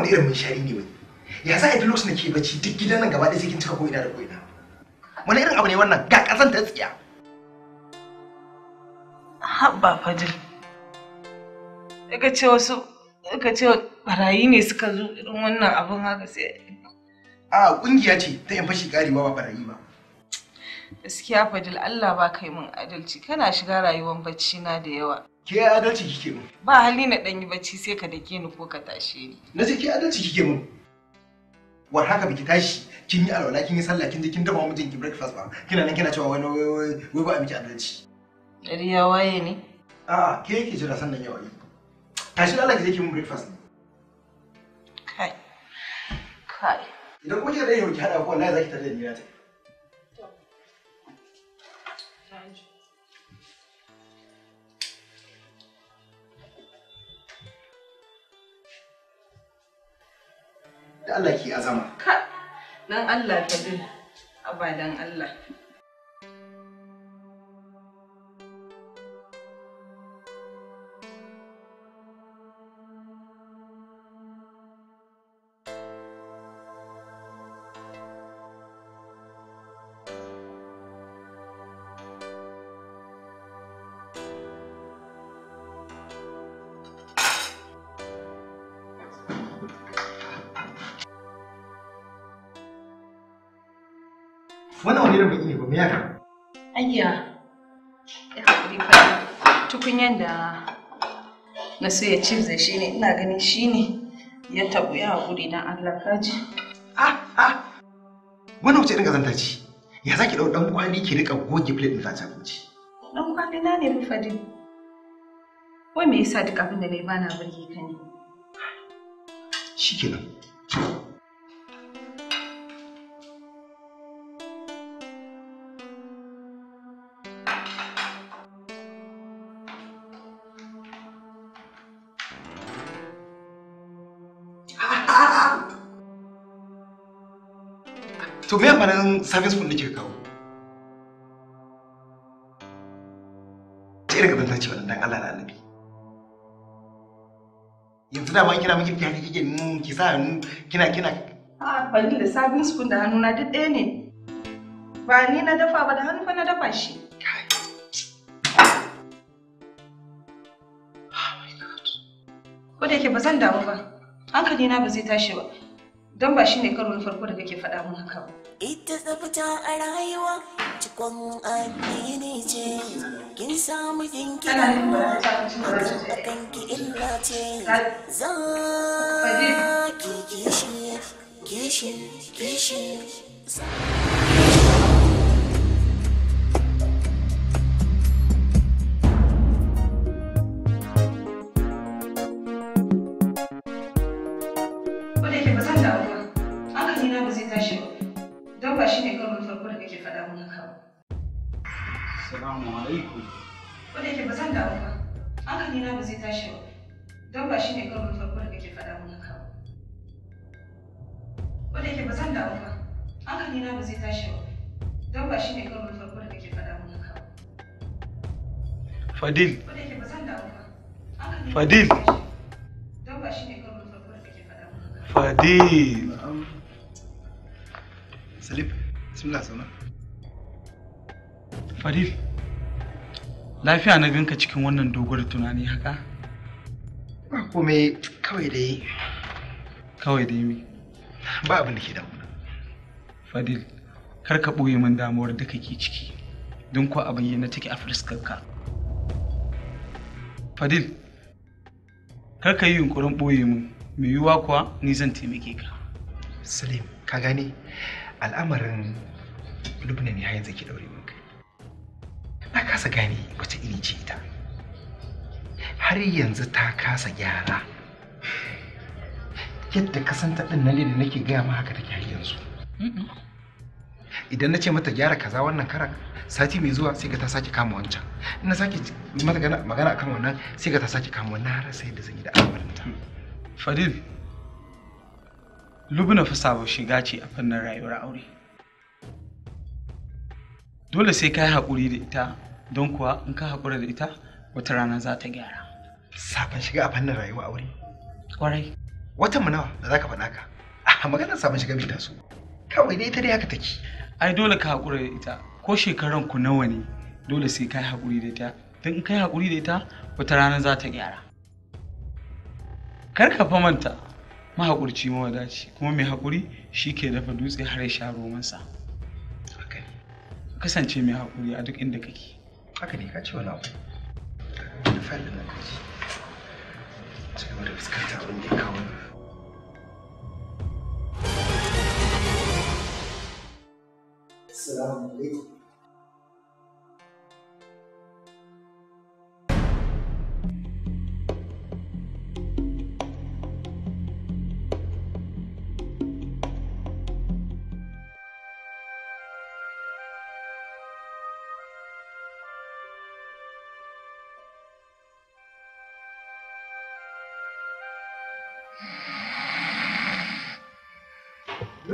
wani irin mun shari ne wani ya za a duk lokacin da ke bacci duk gidan nan gaba ɗaya sai kin cika ko ina da ko ina wani irin abu ne wannan ga ƙasan ta tsiya habba fadil ka ce wasu ka ce barayi ne suka zo irin wannan abun haka sai a kungiya ce ta yan fashi ƙari ba barayi ba gaskiya fadil Allah ba kai mun adalci kana shiga rayuwar bacci na da yawa ke adalci kike mun ba hali na dan yi bacci sai ka dake ni ko ka tashe ni na ce ke adalci kike mun war haka biki tashi kin yi alwala kin yi sallah kin je kin dafa mijinki breakfast ba kina nan kina cewa wai wai wai ba miki adalci dari ya waye ne a'a ke yake jira sannan ya waye tashi Allah ki je ki mun breakfast kai kai idan kuke da yau ki hada ko wallahi zaki tare da ni na ta verdade. Da Allah ki azama. Ka, dan Allah ka bin, abadan Allah. Wannan wani irin ne ba mu yaka? Ayya. Ya hakuri fa tukunyan da na so ya cibze shi ne ina ganin shi ne ya tabu ya hakuri dan Allah kaji. Ah ah. Wannan wace irin kazanta ce? Ya zaki dau dan kwali ki rika goge plate din zata abinci. Dan kwali na ne mufadin. Wai me yasa duk abin da nayi bana burge ka ne? Shikenan. to me amfanin service fund da kika kawo ta irin gaban tace wannan dan Allah ki sa hannu kina kina a bani da service fund da hannu na duk ne ba ni na dafa ba da hannu fa na dafa shi ko da yake ba zan damu ba hankali na ba zai tashi ba don ba shi karo na farko da kake faɗa mun haka ba. Ita tsafta a rayuwa cikon addini ce kin samu jinki a kanki illa ce za ki kishi kishi kishi. Fadil. Fadil. Fadil. Salif, bismillah sana. Fadil. Lafiya na ganka cikin wannan doguwar tunani haka? Ba komai kawai dai. Kawai yi mi. Ba abin da ke damuna. Fadil, kar ka ɓoye min damuwar da kake ciki. Don ko a bayyana take a fuskarka. Fadil, kar yi yunkurin ɓoye mu, mai yiwuwa kuwa ni zan taimake ka. Salim, ka gane al'amarin Lubna ne hayan ke daure mun kai. Na kasa gane wace iri ce ita. Har yanzu ta kasa gyara. Yadda ka santa ɗin nan da nake gaya ma haka take har yanzu. Idan na ce mata gyara kaza wannan karan, sati mai zuwa sai ka ta sake kama wancan ina sake magana magana akan wannan sai ka ta sake kama wannan har sai da zan da da ta fadil lubna fa sabo shiga ce a fannin rayuwar aure dole sai kai hakuri haƙuri da ita don kuwa in ka haƙura da ita wata rana za ta gyara sabon shiga a fannin rayuwar aure kwarai Wata mu nawa da za ka faɗa ka a ah, maganar sabon shiga bai taso kawai dai ita dai haka take ai dole ka haƙura da ita ko shekaran ku nawa ne dole sai kai haƙuri da ita don in kai haƙuri da ita wata rana za ta gyara kar ka fa manta mahaƙurci mawadaci kuma mai haƙuri shi ke dafa dutse har ya sha romansa kasance mai haƙuri a duk inda kake haka ne ka ce wani abu da fa'ilin da kaji ci gaba da fuskanta abin da ya kawo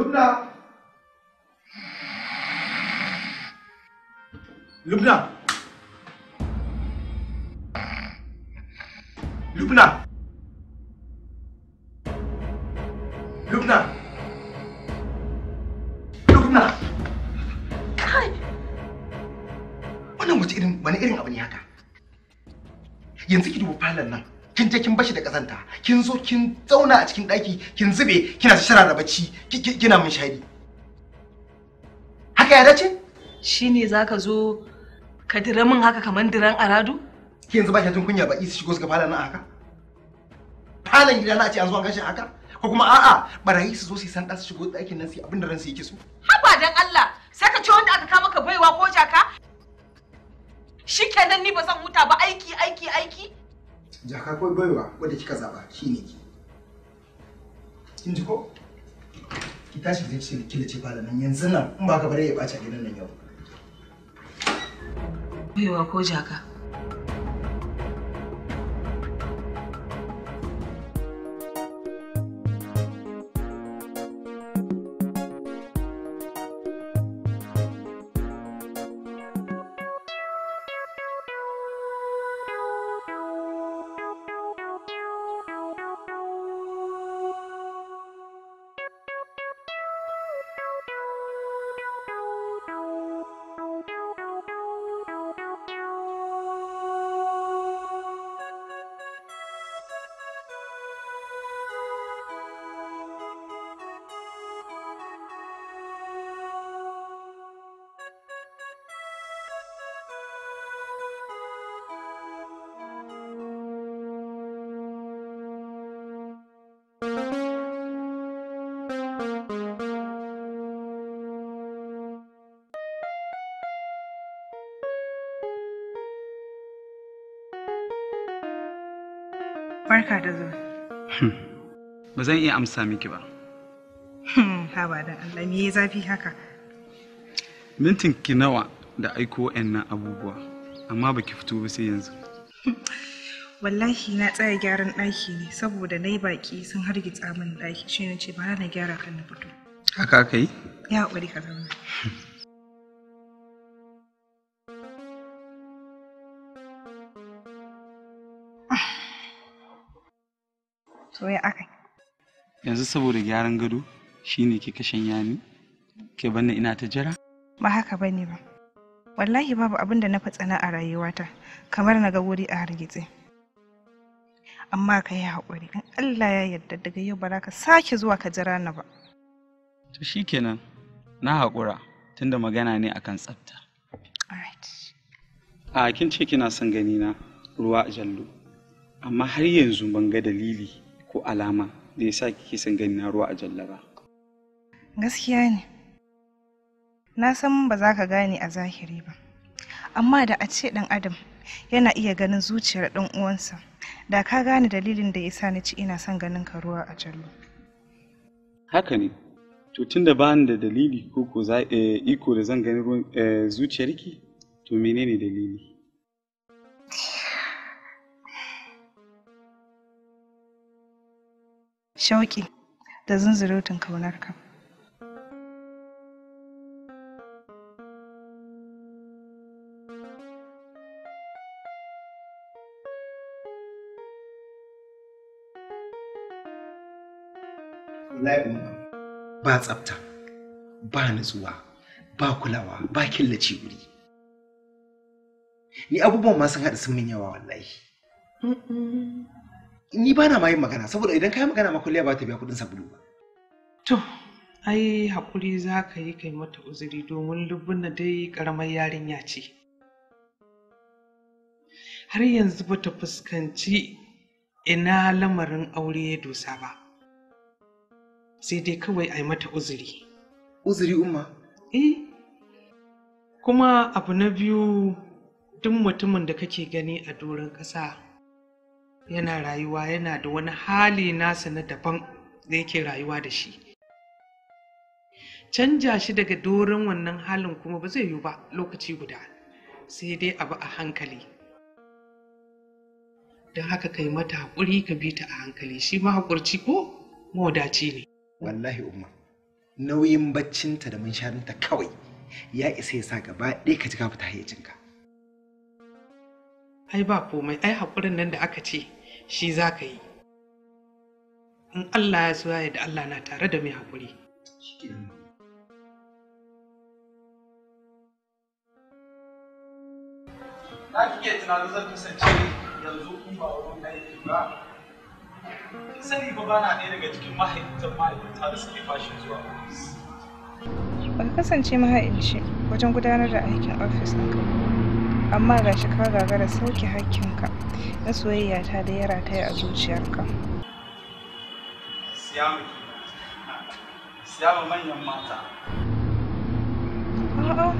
nào Lubna! Lubna! Lubna! Lubna! Kai! Wannan wace irin, wani irin abu ne haka? Yanzu ki duba falon nan. kin je kin bashi da kazanta kin zo kin zauna a cikin daki kin zube kina shara da bacci kina min shari haka ya dace shine zaka zo ka dira min haka kaman diran aradu ki yanzu ba ki jin kunya ba su shigo su ga falon nan haka falon gida na a ce an zo an gashi haka ko kuma a'a barayi su zo su san su shigo ɗakin nan su abin da ransu yake so haba dan Allah sai ka ce wanda aka kama ka baiwa ko jaka shikenan ni ba zan huta ba aiki aiki aiki jaka ko baiwa wadda kika zaba shine ki kin ji ko ki tashi ki ce ki ce bala nan yanzu nan in ba ka bare ya bace gidan nan yau baiwa ko jaka Barka da zuwa. Hmm. Ba zan iya amsa miki ba. Hmm, haba da Allah me ya zafi haka. Mintin ki nawa da aiko nan abubuwa, amma baki fito ba sai yanzu. Wallahi na tsaya gyaran ɗaki ne saboda na yi baƙi sun hargitsa min ɗaki shi ne ce ba na gyara kan na fito. Haka aka yi? Ya haƙuri ka zama. Hmm. to ya akai yanzu saboda gyaran gado shine ke kashen yami ke banna ina ta jira ba haka bane ba wallahi babu abin da na fatsana a rayuwata kamar na ga wuri a hargitse amma ka yi haƙuri in Allah ya yarda daga yau ba za ka sake zuwa ka jira na ba to shikenan na haƙura tunda magana ne akan tsafta a kin ce kina son ganina, ruwa a jallo amma har yanzu ban ga dalili ko alama da ya sa kike son gani na ruwa a jallaba gaskiya ne na san ba za ka gane a zahiri ba amma da a ce ɗan adam yana iya ganin zuciyar ɗan uwansa da ka gane dalilin da ya sa ni ci ina son ganin ka ruwa a jallo haka ne to da ba ni da dalili ko ko eh, iko da zan gani eh, zuciyarki to menene dalili shauƙi da zunzurutun kaunarka. ba tsafta ba nutsuwa ba kulawa ba killace wuri ni abubuwan ma sun haɗa sun min yawa wallahi ni ba na ma magana saboda idan ka yi magana ma kulliya ba ta biya kuɗin sabulu ba. To, ai hakuri za ka yi kai mata uzuri domin lubbuna dai karamar yarinya ce. Har yanzu ba ta fuskanci ina lamarin aure ya dosa ba. Sai dai kawai a yi mata uzuri. Uzuri umma? Eh, kuma abu na biyu duk mutumin da kake gani a doron ƙasa yana rayuwa yana da wani hali nasa na daban da yake rayuwa da shi canja shi daga doron wannan halin kuma ba zai yiwu ba lokaci guda sai dai abu a hankali don haka kai mata haƙuri ka bi ta a hankali shi ma haƙurci ko mawadaci ne wallahi umma nauyin baccinta da munsharinta kawai ya isa ya sa gaba ɗaya ka ji ka fita hayyacinka ai ba komai ai haƙurin nan da aka ce shi za ka yi in Allah ya so ya da Allah na tare da mai haƙuri na kike tunanin zan kasance yanzu in ba wurin aiki ba kin sani ba bana ɗaya daga cikin mahaifin ma'aikata da suke bashi zuwa ofis ban kasance mahaici wajen gudanar da aikin ofis ɗinka amma ga shi ka gagara sauke hakkinka na soyayya ta da yara ta yi a zuciyarka siyama siyama manyan mata a'a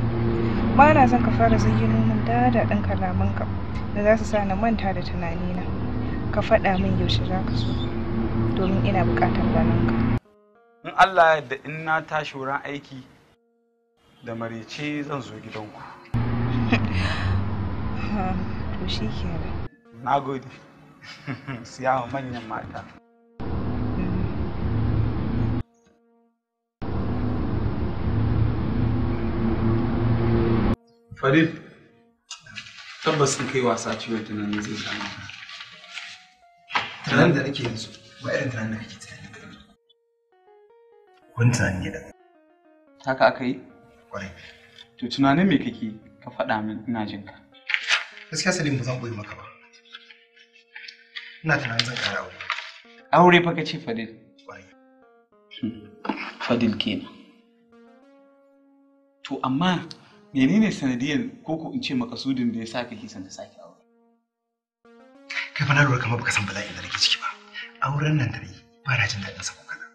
ba na son ka fara zayyano min daɗin kalamanka da za su sa na manta da tunanina ka faɗa min yaushe za ka so domin ina buƙatar ganin ka in Allah da in na tashi wurin aiki da marece zan zo gidanku to shi kenan na gode siya wa manyan mata farid tabbas in kai wasa ciwon tunanin zai samu tunan da ake yanzu ba irin tunan da kake tunanin da yanzu wani tunanin ya daga haka aka yi kwarai to tunanin me kake ka faɗa min ina jinka gaskiya salim ba zan ɓoye maka ba ina tunanin zan ƙara aure aure fa kace fadil hmm. fadil kenan to amma menene sanadiyar ko in ce makasudin da ya sa kake son ka sake aure kai fa na lura kamar baka san bala'in da nake ciki ba auren nan da yi ba na jin daɗin sa ko kaza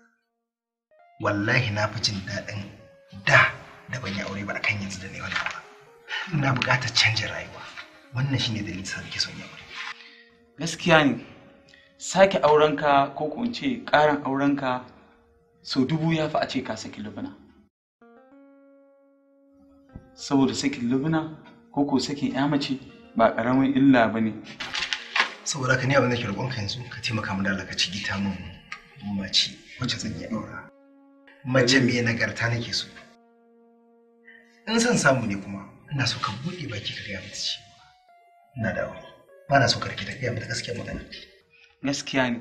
wallahi na fi jin daɗin da da ban yi aure ba akan yanzu da ne wannan ba ina buƙatar canjin rayuwa wannan shine dalilin sa nake son yi aure gaskiya ne sake aurenka ko ko ce ƙarin aurenka sau dubu ya fi a ce ka saki lubuna saboda sakin lubuna ko ko sakin ya mace ba ƙaramin illa ba ne saboda ka ne abin da ke roƙonka yanzu ka taimaka min da Allah ka ci gita min mace wacce zan yi aura mace mai nagarta nake so in san samu ne kuma ina so ka buɗe baki ka gaya mata cewa ina da ba na so karki da gaya mata gaskiyar magana gaskiya ne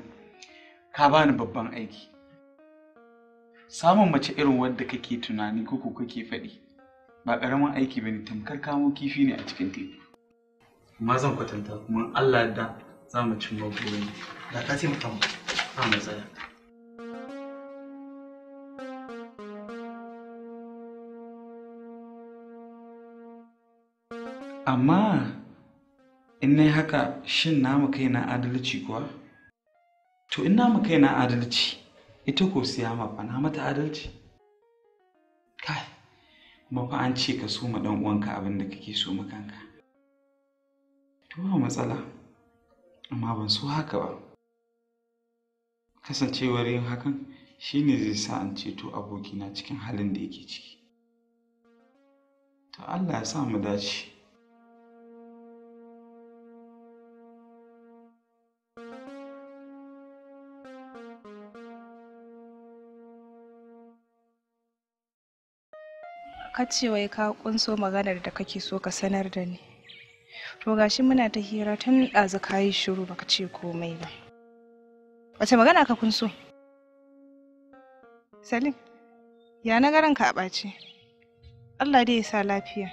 ka bani babban aiki samun mace irin wadda kake tunani ko kake faɗi ba ƙaramin aiki bane tamkar kamo kifi ne a cikin teku amma zan kwatanta kuma Allah da za mu cin burin da ka taimaka mu ba matsala amma in na haka shin na kai na adalci kuwa to in na kai na adalci ita ko siya mafa na mata adalci kai kuma fa an ce ka so ma uwanka abin da kake so ma kanka to ba matsala amma ban so haka ba kasancewar yin hakan shine zai sa an ceto abokina cikin halin da yake ciki to Allah ya sa mu dace ka ce wai ka kunso maganar da kake so ka sanar da ni to gashi muna ta hira tun ɗazu ka yi shiru baka ce komai ba wace magana ka kunso salim ya na garan ka a ɓace allah dai ya sa lafiya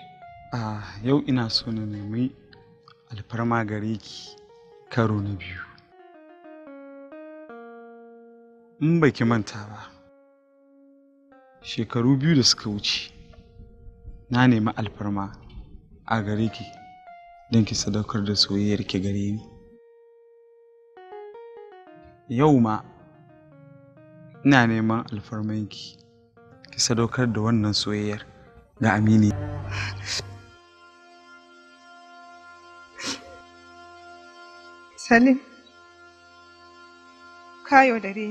a yau ina so na nemi alfarma gare ki karo na biyu in baki manta ba shekaru biyu da suka wuce na nemi alfarma a gare ki don ki sadaukar da soyayyar ki gare ni yau ma ina neman alfarmanki ki sadaukar da wannan soyayyar ga amini salim kayo da ni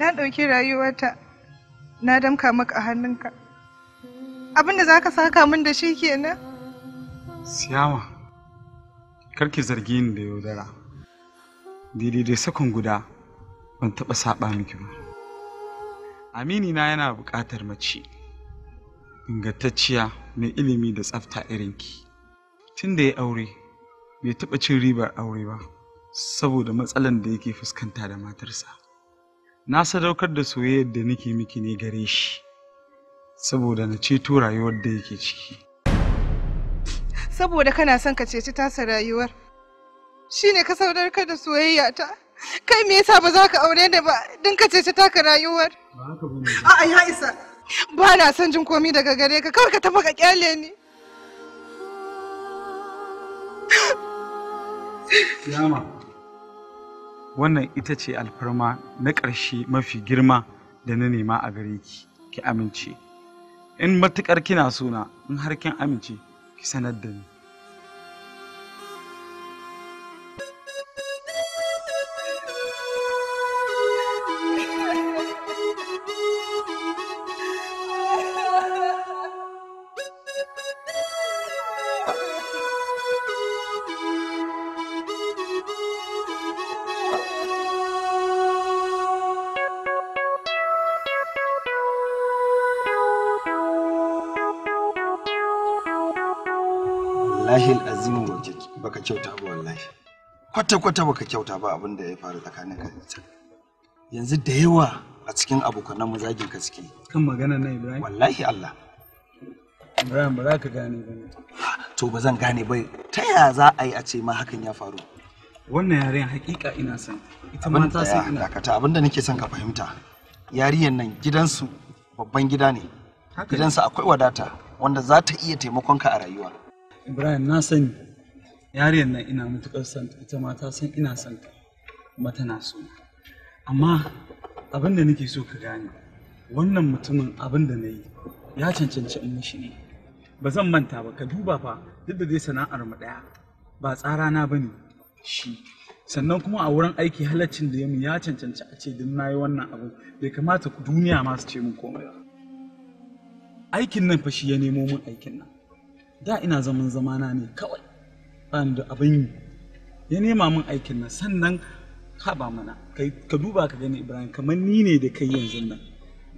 na ɗauki rayuwarta na damka maka a hannunka abin da za ka saka min da shi kenan siyama ki zargi ni da yaudara daidai dai sakon guda ban taɓa saɓa miki ba amini na yana buƙatar mace ingantacciya mai ilimi da tsafta irinki tun da ya aure bai taɓa cin ribar aure ba saboda matsalan da yake fuskanta da matarsa na sadaukar da soyayyar da nake miki ne gare shi saboda na ceto rayuwar da yake ciki saboda kana son ka ceci tasa rayuwar shine ka saudarkar da soyayya ta kai me yasa ba za ka aure da ba din ka ceci taka rayuwar haka bane. isa ba na son jin komi daga gare ka kawai ka tafi ka kyale ni Yama. Wannan ita ce alfarma na ƙarshe mafi girma da na nema a gare ki, ki amince. in matukar kina sona in har kin amince ki sanar da ni wallahi azimu baka kyauta ba wallahi kwata kwata baka kyauta ba abin da ya faru tsakanin ka yanzu da yawa a cikin abokanan mu zagin ka suke kan magana na Ibrahim wallahi Allah Ibrahim ba za ka gane ba to ba zan gane ba ta ya za a yi a ce ma hakan ya faru wannan yaren hakika ina son ita ma ta san ina dakata abinda nake son ka fahimta yariyan nan gidansu babban gida ne gidansu akwai wadata wanda za ta iya taimakon ka a rayuwa Ibrahim na sani yariyar nan ina matuƙar son ita ma ta san ina son ta kuma tana so amma abin da nake so ka gane wannan mutumin abin da na yi ya cancanci in mishi ne ba zan manta ba ka duba fa duk da dai sana'ar mu ɗaya ba tsara na bane shi sannan kuma a wurin aiki halaccin da ya mu ya cancanci a ce din na yi wannan abu bai kamata ku duniya ma su ce min komai ba aikin nan fa shi ya nemo min aikin nan da ina zaman zamana ne kawai bani da abin yi ya nema min aikin nan sannan ka ba mana ka duba ka gani ibrahim kamar ni ne da kai yanzu nan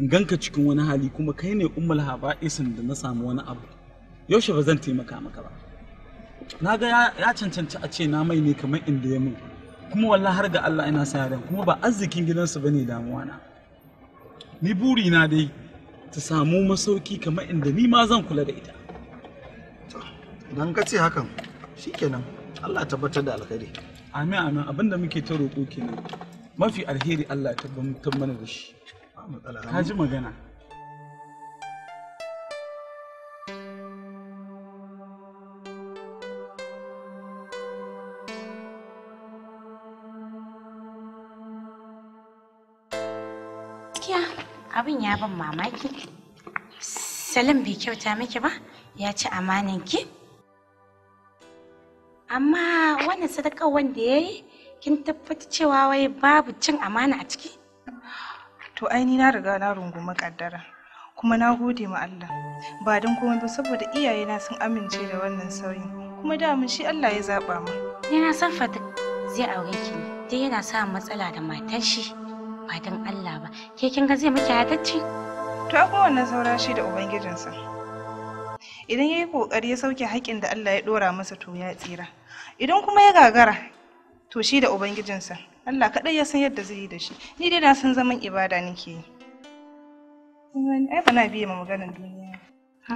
in ganka cikin wani hali kuma kai ne ummul haba'isin da na samu wani abu yaushe ba zan taimaka maka ba na ga ya cancanci a ce na mai ne kamar inda ya mun kuma walla har ga Allah ina sa ran kuma ba arzikin gidansu bane damuwa na ni buri na dai ta samu masauki kamar inda ni ma zan kula da ita dan ka ce hakan shikenan Allah tabbatar da alkhairi amin amin abinda muke ta roƙo kenan mafi alheri Allah ya tabbatar mana da shi ka ji magana abin ya ban mamaki salim bai kyauta miki ba ya ci amanan ki amma wannan sadakar wanda ya yi kin tabbata cewa wai babu cin amana a ciki to ai ni na riga na rungumi kaddara kuma na gode ma Allah ba don komai ba saboda iyayena sun amince da wannan sauyin kuma da mun shi Allah ya zaba mu ni na san fata zai aure ki ne dai yana samun matsala da matar shi ba don Allah ba ke kin ga zai miki hatacci to akwai wannan saura shi da ubangijinsa idan ya yi kokari ya sauke haƙƙin da Allah ya ɗora masa to ya tsira idan kuma ya gagara to shi da ubangijinsa Allah kaɗai ya san yadda zai yi da shi ni dai na san zaman ibada nake yi ai ba na biye ma maganar duniya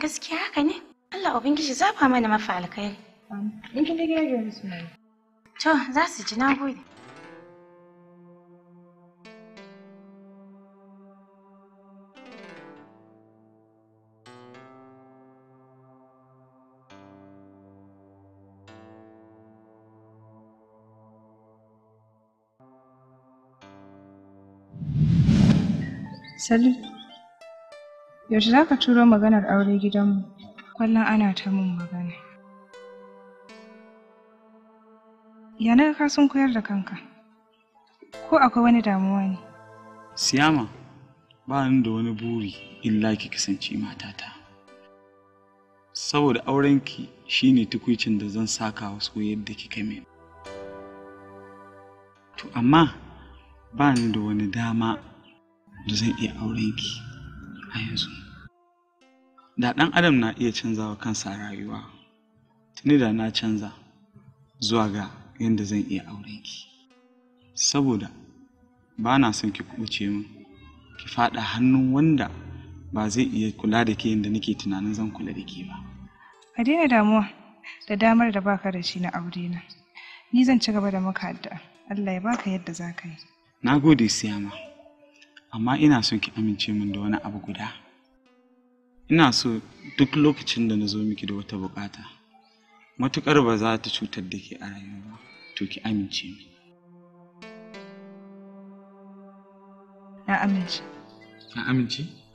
gaskiya haka ne Allah ubangiji zafa mana mafi alkhairi in kin ga gidan su to za su ji na gode Salu, yaushe za ka turo maganar aure gidanmu? Kwallon ana ta mun magana. Ya na ka sun koyar da kanka? Ko akwai wani damuwa ne? Siyama, ba ni da wani buri illa ki kasance matata. Saboda aurenki shine tukuicin da zan saka wasu yadda kika min. To amma ba ni da wani dama da zan iya auren ki a yanzu da ɗan adam na iya canzawa kansa rayuwa tuni da na canza zuwa ga yadda zan iya auren ki saboda ba na son ki kuɓuce min ki faɗa hannun wanda ba zai iya kula da ke yadda nake tunanin zan kula da ke ba a daina damuwa da damar da baka da shi na aure na ni zan ci gaba da maka addu'a Allah ya baka yadda za ka yi na gode siyama amma ina son ki amince min da wani abu guda ina so duk lokacin da na zo miki da wata bukata matukar ba za ta cutar da ke a rayuwa to ki amince min na amince na amince